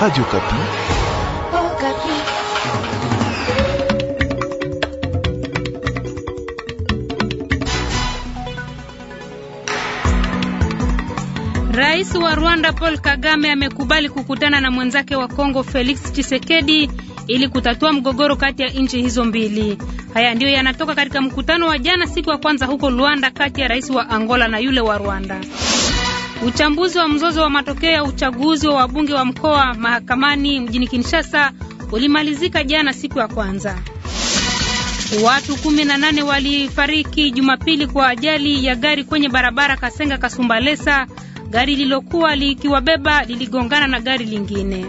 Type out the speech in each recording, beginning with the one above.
Radio Kapi. Oh, Kapi. Rais wa Rwanda Paul Kagame amekubali kukutana na mwenzake wa Kongo Felix Tshisekedi ili kutatua mgogoro kati ya nchi hizo mbili. Haya ndiyo yanatoka katika mkutano wa jana siku ya kwanza huko Luanda kati ya rais wa Angola na yule wa Rwanda. Uchambuzi wa mzozo wa matokeo ya uchaguzi wa wabunge wa mkoa mahakamani mjini Kinshasa ulimalizika jana siku ya kwanza. Watu 18 walifariki Jumapili kwa ajali ya gari kwenye barabara Kasenga Kasumbalesa. Gari lililokuwa likiwabeba liligongana na gari lingine.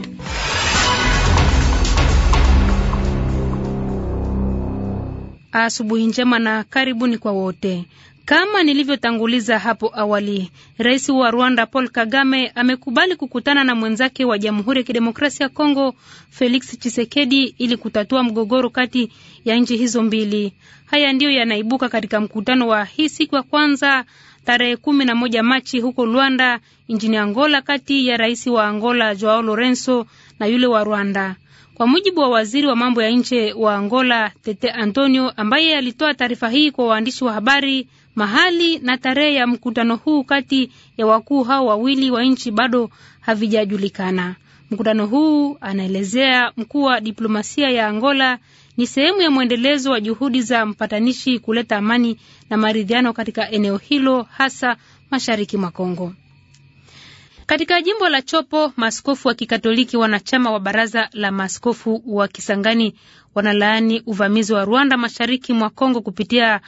Asubuhi njema na karibuni kwa wote. Kama nilivyotanguliza hapo awali, rais wa Rwanda Paul Kagame amekubali kukutana na mwenzake wa Jamhuri ya Kidemokrasia ya Kongo Felix Tshisekedi ili kutatua mgogoro kati ya nchi hizo mbili. Haya ndiyo yanaibuka katika mkutano wa hii siku ya kwanza tarehe kumi na moja Machi huko Luanda nchini Angola, kati ya rais wa Angola Joao Lorenzo na yule wa Rwanda. Kwa mujibu wa waziri wa mambo ya nje wa Angola Tete Antonio, ambaye alitoa taarifa hii kwa waandishi wa habari Mahali na tarehe ya mkutano huu kati ya wakuu hao wawili wa nchi bado havijajulikana. Mkutano huu, anaelezea mkuu wa diplomasia ya Angola, ni sehemu ya mwendelezo wa juhudi za mpatanishi kuleta amani na maridhiano katika eneo hilo, hasa mashariki mwa Kongo. Katika jimbo la Chopo, maaskofu wa Kikatoliki wanachama wa baraza la maaskofu wa Kisangani wanalaani uvamizi wa Rwanda mashariki mwa Kongo kupitia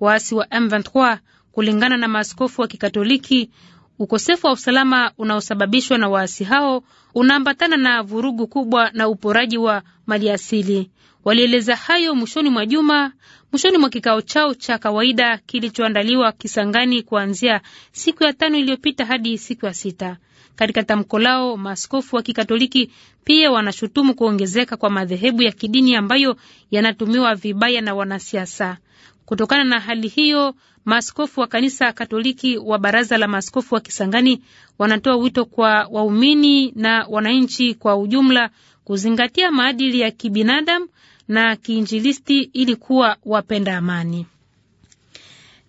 waasi wa M23 kulingana na maaskofu wa Kikatoliki. Ukosefu wa usalama unaosababishwa na waasi hao unaambatana na vurugu kubwa na uporaji wa maliasili. Walieleza hayo mwishoni mwa juma, mwishoni mwa kikao chao cha kawaida kilichoandaliwa Kisangani kuanzia siku ya tano iliyopita hadi siku ya sita. Katika tamko lao, maaskofu wa Kikatoliki pia wanashutumu kuongezeka kwa madhehebu ya kidini ambayo yanatumiwa vibaya na wanasiasa. Kutokana na hali hiyo, maaskofu wa kanisa Katoliki wa Baraza la Maaskofu wa Kisangani wanatoa wito kwa waumini na wananchi kwa ujumla kuzingatia maadili ya kibinadamu na kiinjilisti ili kuwa wapenda amani.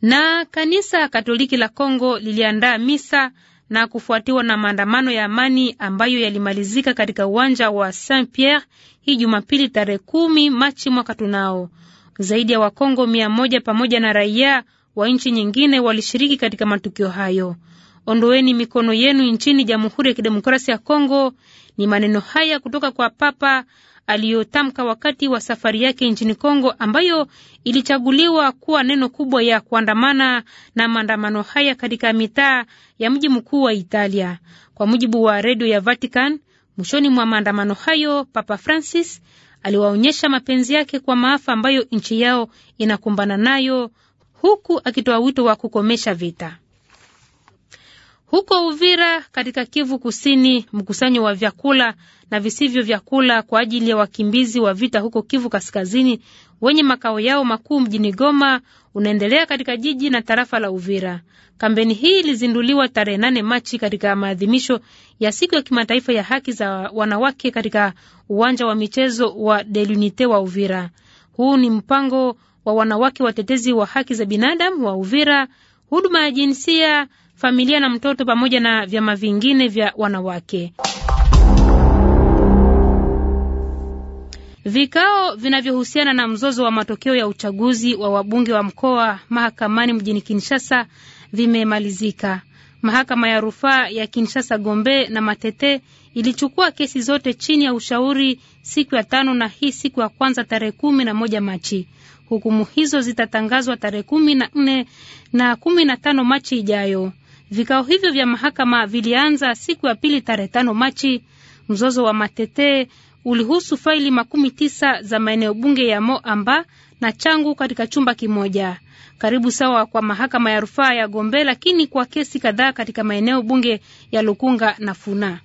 Na kanisa Katoliki la Kongo liliandaa misa na kufuatiwa na maandamano ya amani ambayo yalimalizika katika uwanja wa Saint Pierre hii Jumapili tarehe kumi Machi mwaka tunao. Zaidi ya Wakongo mia moja pamoja na raia wa nchi nyingine walishiriki katika matukio hayo. Ondoeni mikono yenu nchini Jamhuri ya Kidemokrasia ya Kongo ni maneno haya kutoka kwa Papa aliyotamka wakati wa safari yake nchini Kongo ambayo ilichaguliwa kuwa neno kubwa ya kuandamana na maandamano haya katika mitaa ya mji mkuu wa Italia. Kwa mujibu wa redio ya Vatican, mwishoni mwa maandamano hayo Papa Francis aliwaonyesha mapenzi yake kwa maafa ambayo nchi yao inakumbana nayo, huku akitoa wito wa kukomesha vita. Huko Uvira katika Kivu Kusini, mkusanyo wa vyakula na visivyo vyakula kwa ajili ya wakimbizi wa vita huko Kivu Kaskazini wenye makao yao makuu mjini Goma unaendelea katika jiji na tarafa la Uvira. Kampeni hii ilizinduliwa tarehe nane Machi katika maadhimisho ya siku ya kimataifa ya haki za wanawake katika uwanja wa michezo wa Delunite wa Uvira. Huu ni mpango wa wanawake watetezi wa haki za binadamu wa Uvira, huduma ya jinsia, familia na mtoto, pamoja na vyama vingine vya wanawake. Vikao vinavyohusiana na mzozo wa matokeo ya uchaguzi wa wabunge wa mkoa mahakamani mjini Kinshasa vimemalizika. Mahakama ya rufaa ya Kinshasa Gombe na Matete ilichukua kesi zote chini ya ushauri siku ya tano na hii siku ya kwanza tarehe kumi na moja Machi. Hukumu hizo zitatangazwa tarehe kumi na nne na kumi na tano Machi ijayo. Vikao hivyo vya mahakama vilianza siku ya pili tarehe tano Machi. Mzozo wa Matete ulihusu faili makumi tisa za maeneo bunge ya Moamba na Changu katika chumba kimoja, karibu sawa kwa mahakama ya rufaa ya Gombe, lakini kwa kesi kadhaa katika maeneo bunge ya Lukunga na Funa.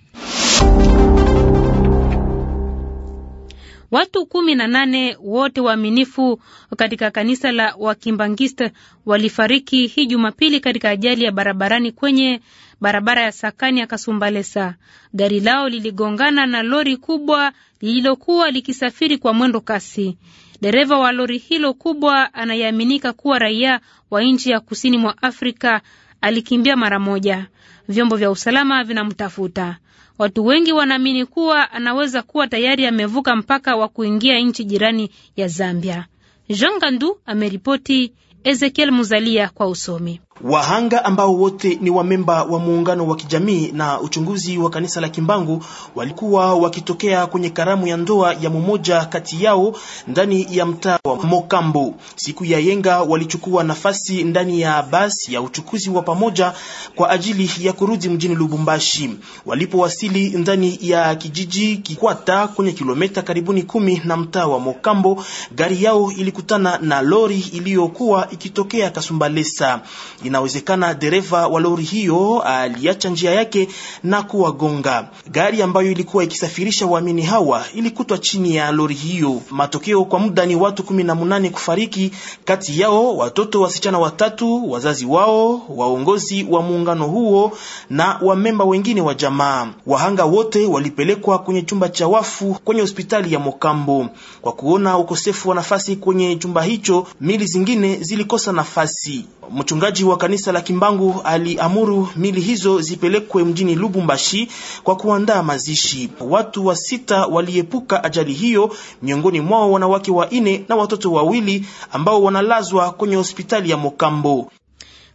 Watu kumi na nane wote waaminifu katika kanisa la wakimbangist walifariki hii Jumapili katika ajali ya barabarani kwenye barabara ya Sakani ya Kasumbalesa. Gari lao liligongana na lori kubwa lililokuwa likisafiri kwa mwendo kasi. Dereva wa lori hilo kubwa anayeaminika kuwa raia wa nchi ya kusini mwa Afrika alikimbia mara moja. Vyombo vya usalama vinamtafuta. Watu wengi wanaamini kuwa anaweza kuwa tayari amevuka mpaka wa kuingia nchi jirani ya Zambia. Jean Gandu ameripoti, Ezekiel Muzalia kwa usomi. Wahanga ambao wote ni wamemba wa muungano wa kijamii na uchunguzi wa kanisa la Kimbangu walikuwa wakitokea kwenye karamu ya ndoa ya mmoja kati yao ndani ya mtaa wa Mokambo. Siku ya yenga walichukua nafasi ndani ya basi ya uchukuzi wa pamoja kwa ajili ya kurudi mjini Lubumbashi. Walipowasili ndani ya kijiji Kikwata kwenye kilomita karibuni kumi na mtaa wa Mokambo, gari yao ilikutana na lori iliyokuwa ikitokea Kasumbalesa. Inawezekana dereva wa lori hiyo aliacha njia yake na kuwagonga. Gari ambayo ilikuwa ikisafirisha waamini hawa ilikutwa chini ya lori hiyo. Matokeo kwa muda ni watu kumi na munane kufariki, kati yao watoto wasichana watatu, wazazi wao, waongozi wa muungano huo na wamemba wengine wa jamaa. Wahanga wote walipelekwa kwenye chumba cha wafu kwenye hospitali ya Mokambo. Kwa kuona ukosefu wa nafasi kwenye chumba hicho, mili zingine zilikosa nafasi. Mchungaji wa wa kanisa la Kimbangu aliamuru mili hizo zipelekwe mjini Lubumbashi kwa kuandaa mazishi. Watu wa sita waliepuka ajali hiyo, miongoni mwao wanawake wa ine na watoto wawili ambao wanalazwa kwenye hospitali ya Mokambo.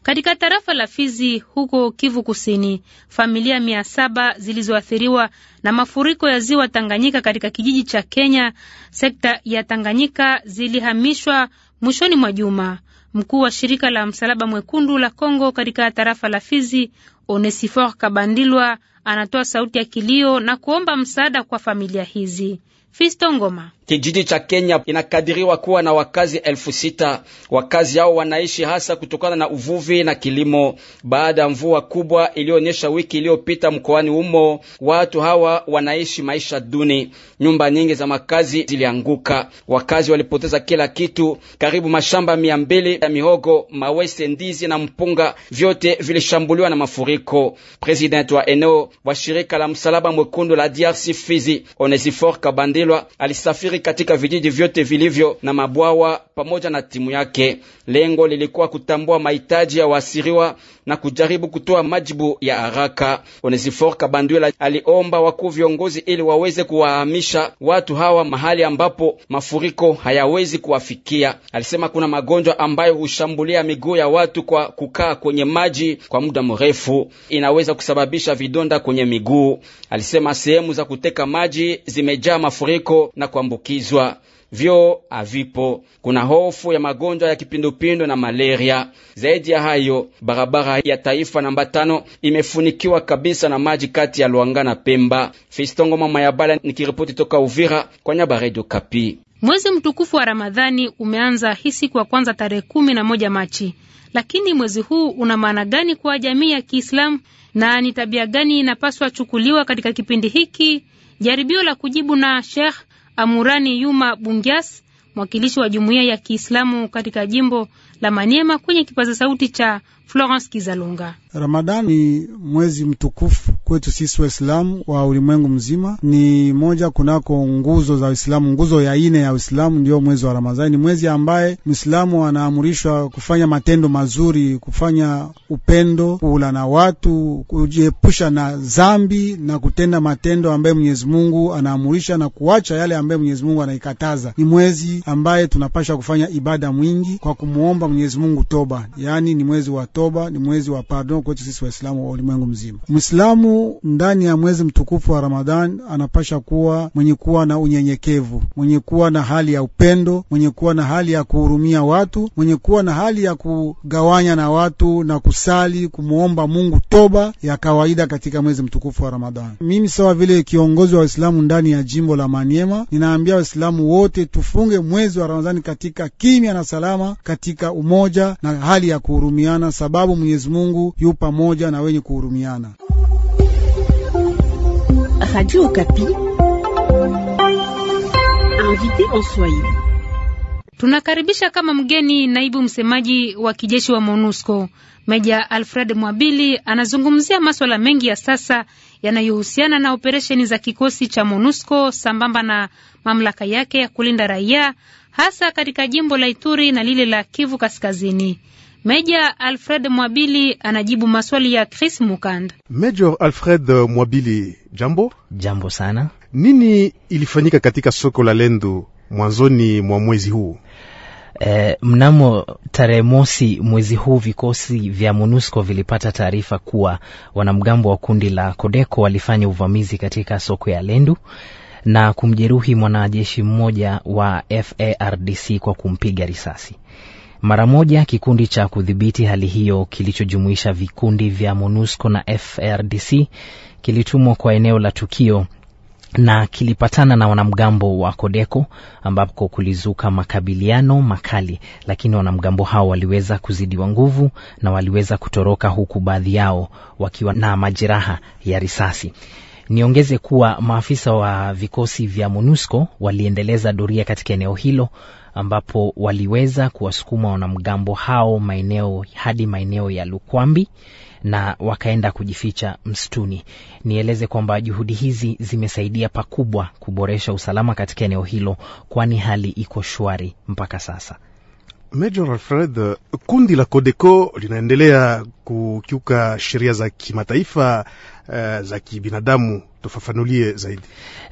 Katika tarafa la Fizi huko Kivu Kusini, familia mia saba zilizoathiriwa na mafuriko ya ziwa Tanganyika katika kijiji cha Kenya, sekta ya Tanganyika, zilihamishwa mwishoni mwa juma. Mkuu wa shirika la Msalaba Mwekundu la Kongo katika tarafa la Fizi, Onesifor Kabandilwa, anatoa sauti ya kilio na kuomba msaada kwa familia hizi. Fisto Ngoma Kijiji cha Kenya inakadiriwa kuwa na wakazi elfu sita. Wakazi hao wanaishi hasa kutokana na uvuvi na kilimo. Baada ya mvua kubwa iliyoonyesha wiki iliyopita mkoani humo, watu hawa wanaishi maisha duni. Nyumba nyingi za makazi zilianguka, wakazi walipoteza kila kitu. Karibu mashamba mia mbili ya mihogo, mawese, ndizi na mpunga vyote vilishambuliwa na mafuriko. President wa eneo wa shirika la Msalaba Mwekundu la DRC Fizi, Onesifor Kabandilwa alisafiri katika vijiji vyote vilivyo na mabwawa pamoja na timu yake. Lengo lilikuwa kutambua mahitaji ya wasiriwa na kujaribu kutoa majibu ya haraka. Onesifor Kabandwila aliomba wakuu viongozi ili waweze kuwahamisha watu hawa mahali ambapo mafuriko hayawezi kuwafikia. Alisema kuna magonjwa ambayo hushambulia miguu ya watu kwa kukaa kwenye maji kwa muda mrefu, inaweza kusababisha vidonda kwenye miguu. Alisema sehemu za kuteka maji zimejaa mafuriko na kuambukizwa vyoo havipo. Kuna hofu ya magonjwa ya kipindupindu na malaria. Zaidi ya hayo, barabara ya taifa namba tano imefunikiwa kabisa na maji kati ya Luanga na Pemba. Fistongo mama ya Bala kiripoti toka Uvira kwa nyaba Radio Kapi. Mwezi mtukufu wa Ramadhani umeanza hii siku ya kwanza tarehe kumi na moja Machi, lakini mwezi huu una maana gani kwa jamii ya Kiislamu na ni tabia gani inapaswa chukuliwa katika kipindi hiki? Jaribio la kujibu na Sheikh Amurani Yuma Bungyas, mwakilishi wa jumuiya ya Kiislamu katika jimbo la Maniema kwenye kipaza sauti cha Florence Kizalunga. Ramadan ni mwezi mtukufu kwetu sisi Waislamu wa ulimwengu mzima, ni moja kunako nguzo za Uislamu. Nguzo ya ine ya Uislamu ndiyo mwezi wa Ramadhani. Ni mwezi ambaye Mwislamu anaamurishwa kufanya matendo mazuri, kufanya upendo, kuula na watu, kujiepusha na zambi na kutenda matendo ambaye Mwenyezi Mungu anaamurisha na kuacha yale ambaye Mwenyezi Mungu anaikataza. Ni mwezi ambaye tunapasha kufanya ibada mwingi kwa kumwomba Mwenyezi Mungu toba, yaani ni mwezi wa toba, ni mwezi wa pardon kwetu sisi Waislamu wa ulimwengu mzima. Mwislamu ndani ya mwezi mtukufu wa Ramadhan anapasha kuwa mwenye kuwa na unyenyekevu, mwenye kuwa na hali ya upendo, mwenye kuwa na hali ya kuhurumia watu, mwenye kuwa na hali ya kugawanya na watu na kusali, kumwomba Mungu toba ya kawaida katika mwezi mtukufu wa Ramadhan. Mimi sawa vile kiongozi wa Waislamu ndani ya jimbo la Maniema, ninaambia Waislamu wote tufunge mwezi wa Ramadhani katika kimya na salama katika umoja na hali ya kuhurumiana, sababu Mwenyezi Mungu yu pamoja na wenye kuhurumiana. Radio Okapi, invité en Swahili. Tunakaribisha kama mgeni naibu msemaji wa kijeshi wa MONUSCO Meja Alfred Mwabili anazungumzia maswala mengi ya sasa yanayohusiana na operesheni za kikosi cha MONUSCO sambamba na mamlaka yake ya kulinda raia hasa katika jimbo la Ituri na lile la Kivu Kaskazini. Meja Alfred Mwabili anajibu maswali ya Chris Mukand. Major Alfred Mwabili, jambo. Jambo sana. Nini ilifanyika katika soko la Lendu mwanzoni mwa mwezi huu? E, mnamo tarehe mosi mwezi huu vikosi vya MONUSCO vilipata taarifa kuwa wanamgambo wa kundi la Kodeko walifanya uvamizi katika soko ya Lendu na kumjeruhi mwanajeshi mmoja wa FARDC kwa kumpiga risasi. Mara moja kikundi cha kudhibiti hali hiyo kilichojumuisha vikundi vya MONUSCO na FARDC kilitumwa kwa eneo la tukio na kilipatana na wanamgambo wa Kodeko ambapo kulizuka makabiliano makali, lakini wanamgambo hao waliweza kuzidiwa nguvu na waliweza kutoroka, huku baadhi yao wakiwa na majeraha ya risasi. Niongeze kuwa maafisa wa vikosi vya MONUSCO waliendeleza doria katika eneo hilo ambapo waliweza kuwasukuma wanamgambo hao maeneo hadi maeneo ya Lukwambi na wakaenda kujificha msituni. Nieleze kwamba juhudi hizi zimesaidia pakubwa kuboresha usalama katika eneo hilo, kwani hali iko shwari mpaka sasa. Major Alfred, kundi la Codeco linaendelea kukiuka sheria za kimataifa uh, za kibinadamu. Tufafanulie zaidi.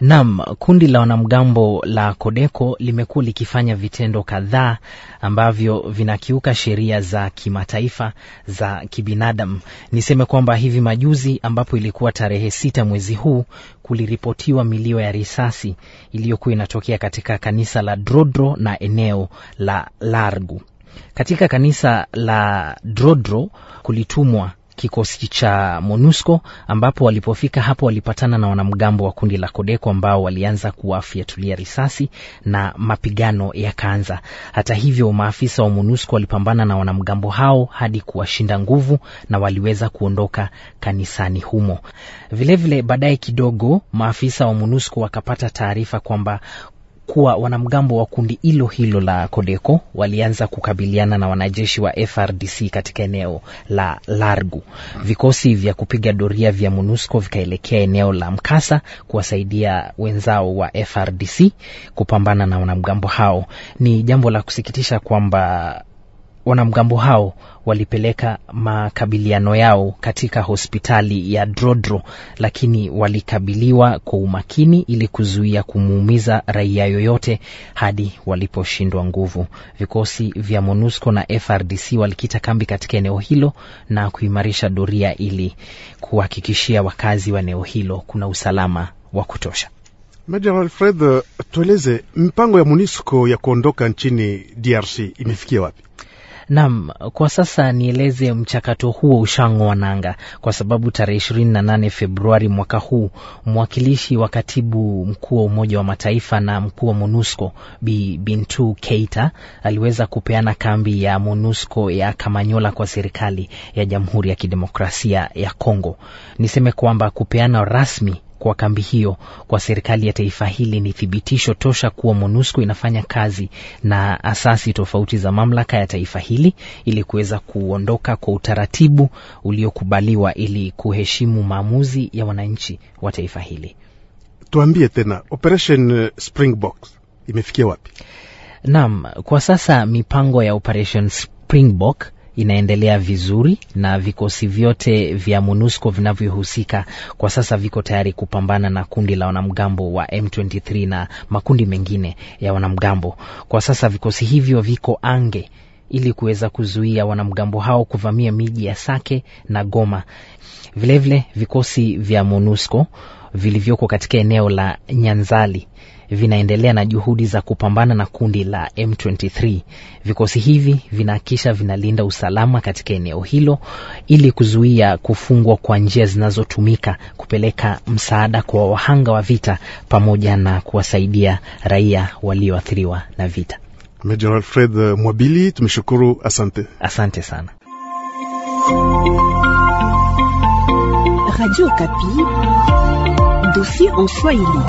Naam, kundi la wanamgambo la Kodeko limekuwa likifanya vitendo kadhaa ambavyo vinakiuka sheria za kimataifa za kibinadamu. Niseme kwamba hivi majuzi, ambapo ilikuwa tarehe sita mwezi huu, kuliripotiwa milio ya risasi iliyokuwa inatokea katika kanisa la Drodro na eneo la Largu. Katika kanisa la Drodro kulitumwa kikosi cha MONUSCO ambapo walipofika hapo walipatana na wanamgambo wa kundi la Kodeko ambao walianza kuwafyatulia risasi na mapigano yakaanza. Hata hivyo, maafisa wa MONUSCO walipambana na wanamgambo hao hadi kuwashinda nguvu na waliweza kuondoka kanisani humo. Vilevile baadaye kidogo, maafisa wa MONUSCO wakapata taarifa kwamba kuwa wanamgambo wa kundi hilo hilo la Kodeko walianza kukabiliana na wanajeshi wa FRDC katika eneo la Largu. Vikosi vya kupiga doria vya MONUSCO vikaelekea eneo la mkasa kuwasaidia wenzao wa FRDC kupambana na wanamgambo hao. Ni jambo la kusikitisha kwamba wanamgambo hao walipeleka makabiliano yao katika hospitali ya Drodro, lakini walikabiliwa kwa umakini ili kuzuia kumuumiza raia yoyote hadi waliposhindwa nguvu. Vikosi vya MONUSCO na FRDC walikita kambi katika eneo hilo na kuimarisha doria ili kuhakikishia wakazi wa eneo hilo kuna usalama wa kutosha. Major Alfred, tueleze mpango ya MONUSCO ya kuondoka nchini DRC imefikia wapi? Naam, kwa sasa nieleze mchakato huo ushang'oa nanga, kwa sababu tarehe ishirini na nane Februari mwaka huu mwakilishi wa katibu mkuu wa Umoja wa Mataifa na mkuu wa MONUSCO Bi Bintu Keita aliweza kupeana kambi ya MONUSCO ya Kamanyola kwa serikali ya Jamhuri ya Kidemokrasia ya Kongo. Niseme kwamba kupeana rasmi kwa kambi hiyo kwa serikali ya taifa hili ni thibitisho tosha kuwa MONUSCO inafanya kazi na asasi tofauti za mamlaka ya taifa hili ili kuweza kuondoka kwa utaratibu uliokubaliwa ili kuheshimu maamuzi ya wananchi wa taifa hili. Tuambie tena, Operation uh, Springbok imefikia wapi? Naam, kwa sasa mipango ya Operation Springbok inaendelea vizuri na vikosi vyote vya MONUSCO vinavyohusika kwa sasa viko tayari kupambana na kundi la wanamgambo wa M23 na makundi mengine ya wanamgambo. Kwa sasa vikosi hivyo viko ange ili kuweza kuzuia wanamgambo hao kuvamia miji ya Sake na Goma. Vilevile vile, vikosi vya MONUSCO vilivyoko katika eneo la Nyanzali vinaendelea na juhudi za kupambana na kundi la M23. Vikosi hivi vinahakisha vinalinda usalama katika eneo hilo ili kuzuia kufungwa kwa njia zinazotumika kupeleka msaada kwa wahanga wa vita pamoja na kuwasaidia raia walioathiriwa na vita. Meja Alfred Mwabili, tumeshukuru, asante, asante sana. Radio Okapi, dossier en Swahili.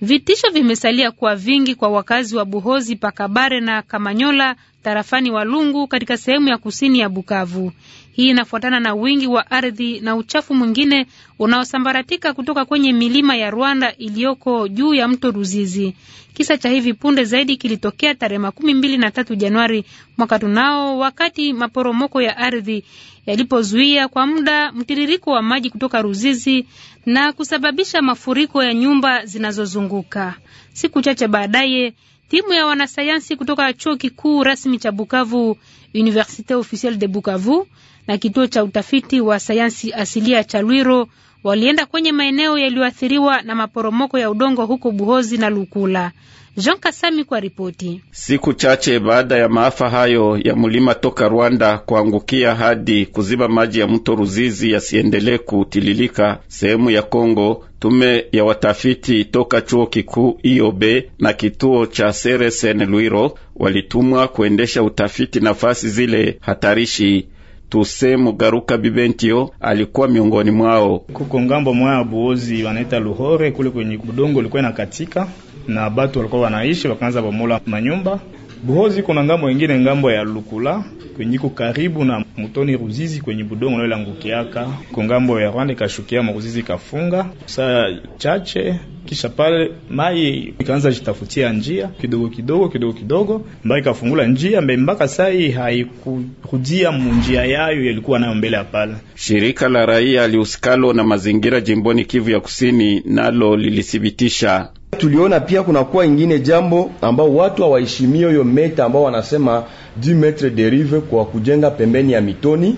Vitisho vimesalia kuwa vingi kwa wakazi wa Buhozi, Pakabare na Kamanyola tarafani Walungu katika sehemu ya kusini ya Bukavu. Hii inafuatana na wingi wa ardhi na uchafu mwingine unaosambaratika kutoka kwenye milima ya Rwanda iliyoko juu ya mto Ruzizi. Kisa cha hivi punde zaidi kilitokea tarehe makumi mbili na tatu Januari mwaka tunao, wakati maporomoko ya ardhi yalipozuia kwa muda mtiririko wa maji kutoka Ruzizi na kusababisha mafuriko ya nyumba zinazozunguka. Siku chache baadaye Timu ya wanasayansi kutoka chuo kikuu rasmi cha Bukavu, Universite Officielle de Bukavu, na kituo cha utafiti wa sayansi asilia cha Lwiro walienda kwenye maeneo yaliyoathiriwa na maporomoko ya udongo huko Buhozi na Lukula. Jean Kasami kwa ripoti. Siku chache baada ya maafa hayo ya mlima toka Rwanda kuangukia hadi kuziba maji ya mto Ruzizi yasiendelee kutililika sehemu ya Kongo, tume ya watafiti toka chuo kikuu IOB na kituo cha Seresen Luiro walitumwa kuendesha utafiti nafasi zile hatarishi. Tuse Mugaruka Bibentio alikuwa miongoni mwao. Kuko ngambo mwaya buozi wanaita Luhore, kule kwenye budongo ulikuwa inakatika na batu walikuwa wanaishi, wakaanza bomola manyumba Buhozi kuna ngambo ingine ngambo ya Lukula kwenye karibu na mtoni Ruzizi kwenye budongo nayo langukiaka ko ngambo ya Rwanda kashukia Ruzizi kafunga saa chache, kisha pale mai ikaanza jitafutia njia kidogo kidogo kidogo kidogo mbaka ikafungula njia mbe mpaka sai haikurudia munjia yayo yalikuwa nayo mbele ya pale. Shirika la raia lihusikalo na mazingira jimboni Kivu ya Kusini nalo lilithibitisha Tuliona pia kunakuwa ingine jambo ambao watu hawaheshimio yo meta ambao wanasema 10 metre derive kwa kujenga pembeni ya mitoni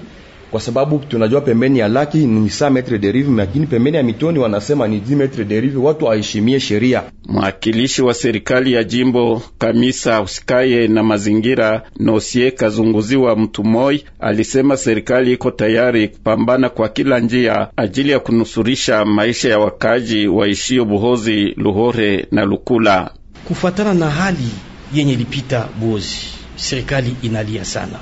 kwa sababu tunajua pembeni ya laki ni saa metre derive, lakini pembeni ya mitoni wanasema ni 10 metre derive. Watu waheshimie sheria. Mwakilishi wa serikali ya jimbo Kamisa usikaye na mazingira Nosie Kazunguziwa Mtumoi alisema serikali iko tayari kupambana kwa kila njia ajili ya kunusurisha maisha ya wakaji waishio Buhozi, Luhore na Lukula. Kufatana na hali yenye lipita Buhozi, serikali inalia sana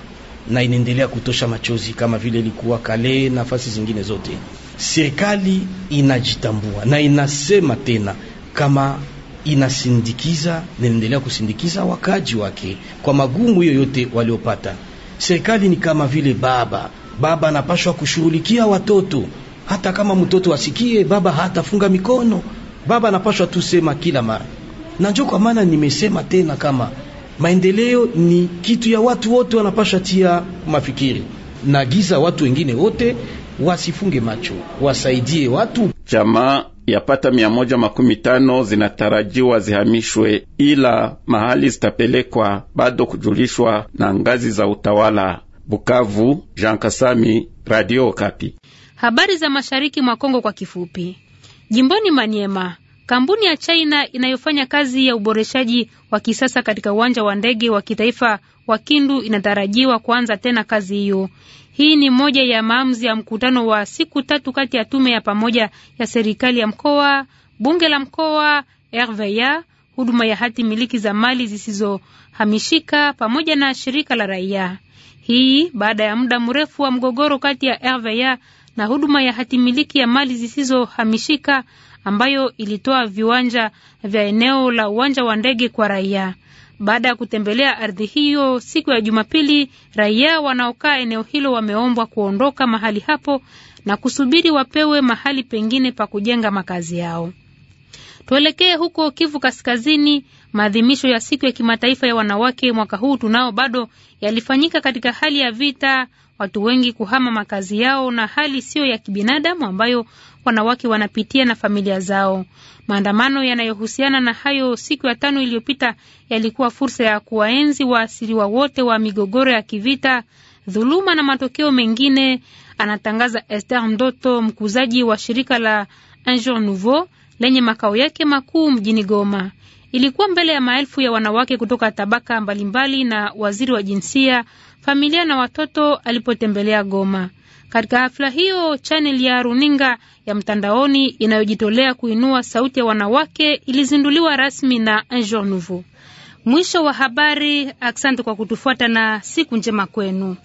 na inaendelea kutosha machozi kama vile ilikuwa kale nafasi zingine zote. Serikali inajitambua na inasema tena kama inasindikiza na inaendelea kusindikiza wakaji wake kwa magumu yote waliopata. Serikali ni kama vile baba, baba anapashwa kushughulikia watoto, hata kama mtoto asikie, baba hatafunga mikono, baba anapashwa tusema kila mara, na njo kwa maana nimesema tena kama maendeleo ni kitu ya watu wote, wanapasha tia mafikiri na giza, watu wengine wote wasifunge macho, wasaidie watu. Jamaa pata mia moja makumi tano zinatarajiwa zihamishwe, ila mahali zitapelekwa bado kujulishwa na ngazi za utawala. Bukavu, Jean Kasami, Radio Kapi. Habari za mashariki mwa Kongo kwa kifupi. Jimboni Maniema, Kampuni ya China inayofanya kazi ya uboreshaji wa kisasa katika uwanja wa ndege wa kitaifa wa Kindu inatarajiwa kuanza tena kazi hiyo. Hii ni moja ya maamuzi ya mkutano wa siku tatu kati ya tume ya pamoja ya serikali ya mkoa, bunge la mkoa, RVA, huduma ya hati miliki za mali zisizohamishika pamoja na shirika la raia. Hii baada ya muda mrefu wa mgogoro kati ya RVA na huduma ya hati miliki ya mali zisizohamishika ambayo ilitoa viwanja vya eneo la uwanja wa ndege kwa raia. Baada ya kutembelea ardhi hiyo siku ya Jumapili, raia wanaokaa eneo hilo wameombwa kuondoka mahali hapo na kusubiri wapewe mahali pengine pa kujenga makazi yao. Tuelekee huko Kivu Kaskazini. Maadhimisho ya siku ya kimataifa ya wanawake mwaka huu tunao bado yalifanyika katika hali ya vita, watu wengi kuhama makazi yao na hali siyo ya kibinadamu ambayo wanawake wanapitia na familia zao. Maandamano yanayohusiana na hayo siku ya tano iliyopita yalikuwa fursa ya kuwaenzi waasiriwa wote wa migogoro ya kivita, dhuluma na matokeo mengine, anatangaza Esther Mdoto, mkuzaji wa shirika la Un Jour Nouveau lenye makao yake makuu mjini Goma. Ilikuwa mbele ya maelfu ya wanawake kutoka tabaka mbalimbali na waziri wa jinsia, familia na watoto alipotembelea Goma. Katika hafla hiyo, chaneli ya runinga ya mtandaoni inayojitolea kuinua sauti ya wanawake ilizinduliwa rasmi na Un Jour Nouveau. Mwisho wa habari. Asante kwa kutufuata na siku njema kwenu.